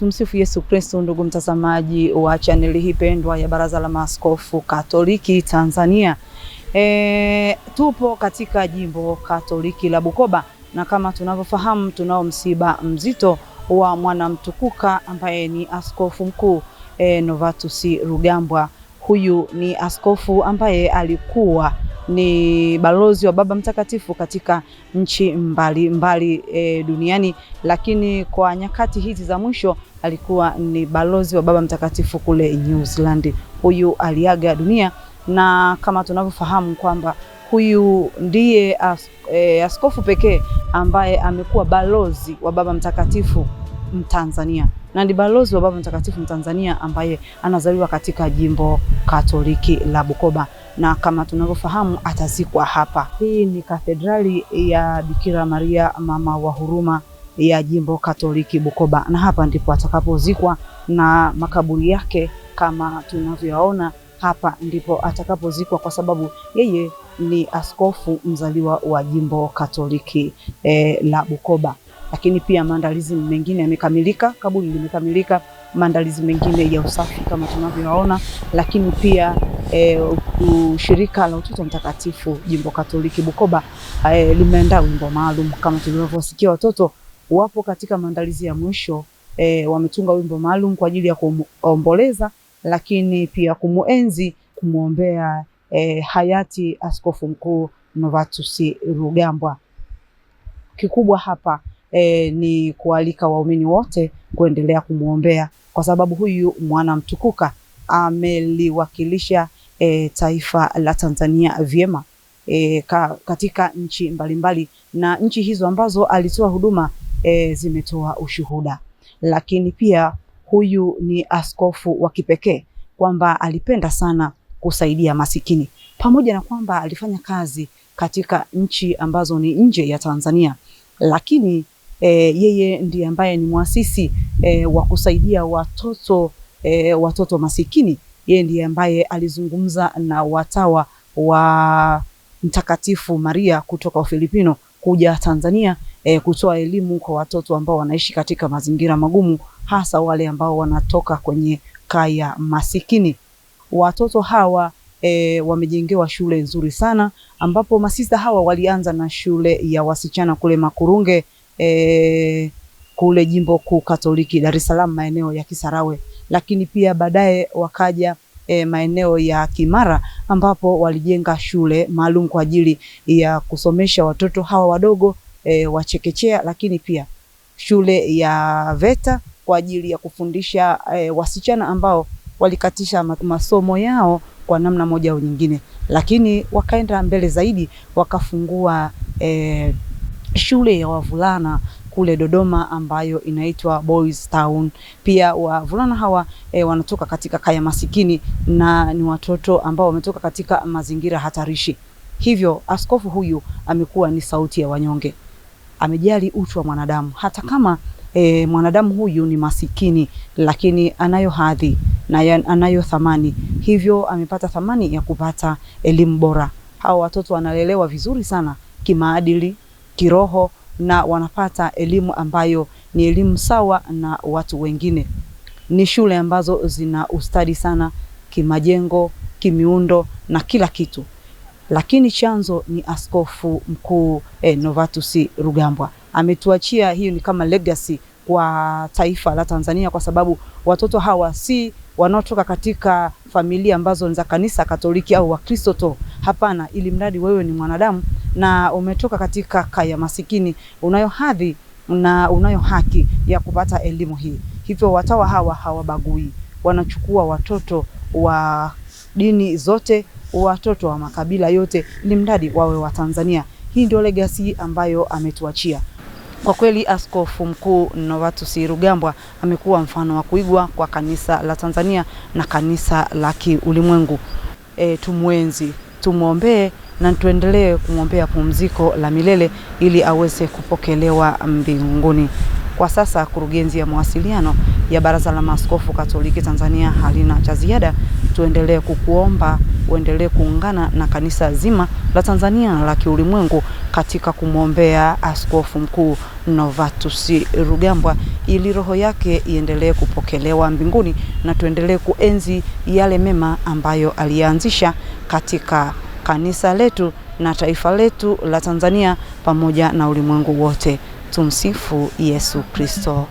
Tumsifu Yesu Kristo. Ndugu mtazamaji wa chaneli hii pendwa ya Baraza la Maaskofu Katoliki Tanzania, e, tupo katika jimbo Katoliki la Bukoba na kama tunavyofahamu tunao msiba mzito wa mwanamtukuka ambaye ni askofu mkuu e, Novatus Rugambwa. Huyu ni askofu ambaye alikuwa ni balozi wa Baba Mtakatifu katika nchi mbalimbali mbali, e, duniani, lakini kwa nyakati hizi za mwisho alikuwa ni balozi wa Baba Mtakatifu kule New Zealand. Huyu aliaga dunia na kama tunavyofahamu kwamba huyu ndiye as, e, askofu pekee ambaye amekuwa balozi wa Baba Mtakatifu Mtanzania na ni balozi wa Baba Mtakatifu Mtanzania ambaye anazaliwa katika jimbo Katoliki la Bukoba na kama tunavyofahamu atazikwa hapa. Hii ni kathedrali ya Bikira Maria mama wa huruma ya Jimbo Katoliki Bukoba, na hapa ndipo atakapozikwa na makaburi yake kama tunavyoona hapa ndipo atakapozikwa, kwa sababu yeye ni askofu mzaliwa wa Jimbo Katoliki e, la Bukoba. Lakini pia maandalizi mengine yamekamilika, kaburi limekamilika, maandalizi mengine ya usafi kama tunavyoona, lakini pia e, ushirika la Utoto Mtakatifu Jimbo Katoliki Bukoba e, limeandaa wimbo maalum kama tulivyosikia watoto wapo katika maandalizi ya mwisho e, wametunga wimbo maalum kwa ajili ya kuomboleza, lakini pia kumuenzi, kumwombea e, eh, hayati Askofu Mkuu Novatus Rugambwa. Kikubwa hapa e, ni kualika waumini wote kuendelea kumwombea kwa sababu huyu mwana mtukuka ameliwakilisha e, taifa la Tanzania vyema e, ka, katika nchi mbalimbali mbali, na nchi hizo ambazo alitoa huduma e, zimetoa ushuhuda. Lakini pia huyu ni askofu wa kipekee kwamba alipenda sana kusaidia masikini, pamoja na kwamba alifanya kazi katika nchi ambazo ni nje ya Tanzania, lakini e, yeye ndiye ambaye ni mwasisi e, wa kusaidia watoto e, watoto masikini. Yeye ndiye ambaye alizungumza na watawa wa Mtakatifu Maria kutoka Ufilipino kuja Tanzania eh, kutoa elimu kwa watoto ambao wanaishi katika mazingira magumu, hasa wale ambao wanatoka kwenye kaya masikini. Watoto hawa e, wamejengewa shule nzuri sana, ambapo masista hawa walianza na shule ya wasichana kule Makurunge e, kule jimbo kuu Katoliki Dar es Salaam maeneo ya Kisarawe, lakini pia baadaye wakaja E, maeneo ya Kimara ambapo walijenga shule maalum kwa ajili ya kusomesha watoto hawa wadogo e, wa chekechea, lakini pia shule ya VETA kwa ajili ya kufundisha e, wasichana ambao walikatisha masomo yao kwa namna moja au nyingine, lakini wakaenda mbele zaidi wakafungua e, shule ya wavulana kule Dodoma ambayo inaitwa Boys Town. Pia wavulana hawa e, wanatoka katika kaya masikini na ni watoto ambao wametoka katika mazingira hatarishi. Hivyo askofu huyu amekuwa ni sauti ya wanyonge amejali utu wa mwanadamu, hata kama e, mwanadamu huyu ni masikini, lakini anayo hadhi na anayo thamani, hivyo amepata thamani ya kupata elimu bora. Hao watoto wanalelewa vizuri sana kimaadili, kiroho na wanapata elimu ambayo ni elimu sawa na watu wengine. Ni shule ambazo zina ustadi sana kimajengo, kimiundo na kila kitu lakini chanzo ni Askofu Mkuu eh, Novatus Rugambwa ametuachia. Hiyo ni kama legacy kwa taifa la Tanzania, kwa sababu watoto hawa si wanaotoka katika familia ambazo ni za kanisa Katoliki au Wakristo tu. Hapana, ili mradi wewe ni mwanadamu na umetoka katika kaya masikini, unayo hadhi na unayo haki ya kupata elimu hii. Hivyo watawa hawa hawabagui, wanachukua watoto wa dini zote watoto wa makabila yote, ili mradi wawe wa tanzania Hii ndio legacy ambayo ametuachia. Kwa kweli Askofu Mkuu Novatus Rugambwa amekuwa mfano wa kuigwa kwa kanisa la Tanzania na kanisa la kiulimwengu. E, tumwenzi, tumwombee na tuendelee kumwombea pumziko la milele ili aweze kupokelewa mbinguni. Kwa sasa, Kurugenzi ya Mawasiliano ya Baraza la Maaskofu Katoliki Tanzania halina cha ziada. Tuendelee kukuomba uendelee kuungana na kanisa zima la Tanzania la kiulimwengu katika kumwombea Askofu Mkuu Novatus Rugambwa ili roho yake iendelee kupokelewa mbinguni na tuendelee kuenzi yale mema ambayo alianzisha katika kanisa letu na taifa letu la Tanzania pamoja na ulimwengu wote. Tumsifu Yesu Kristo.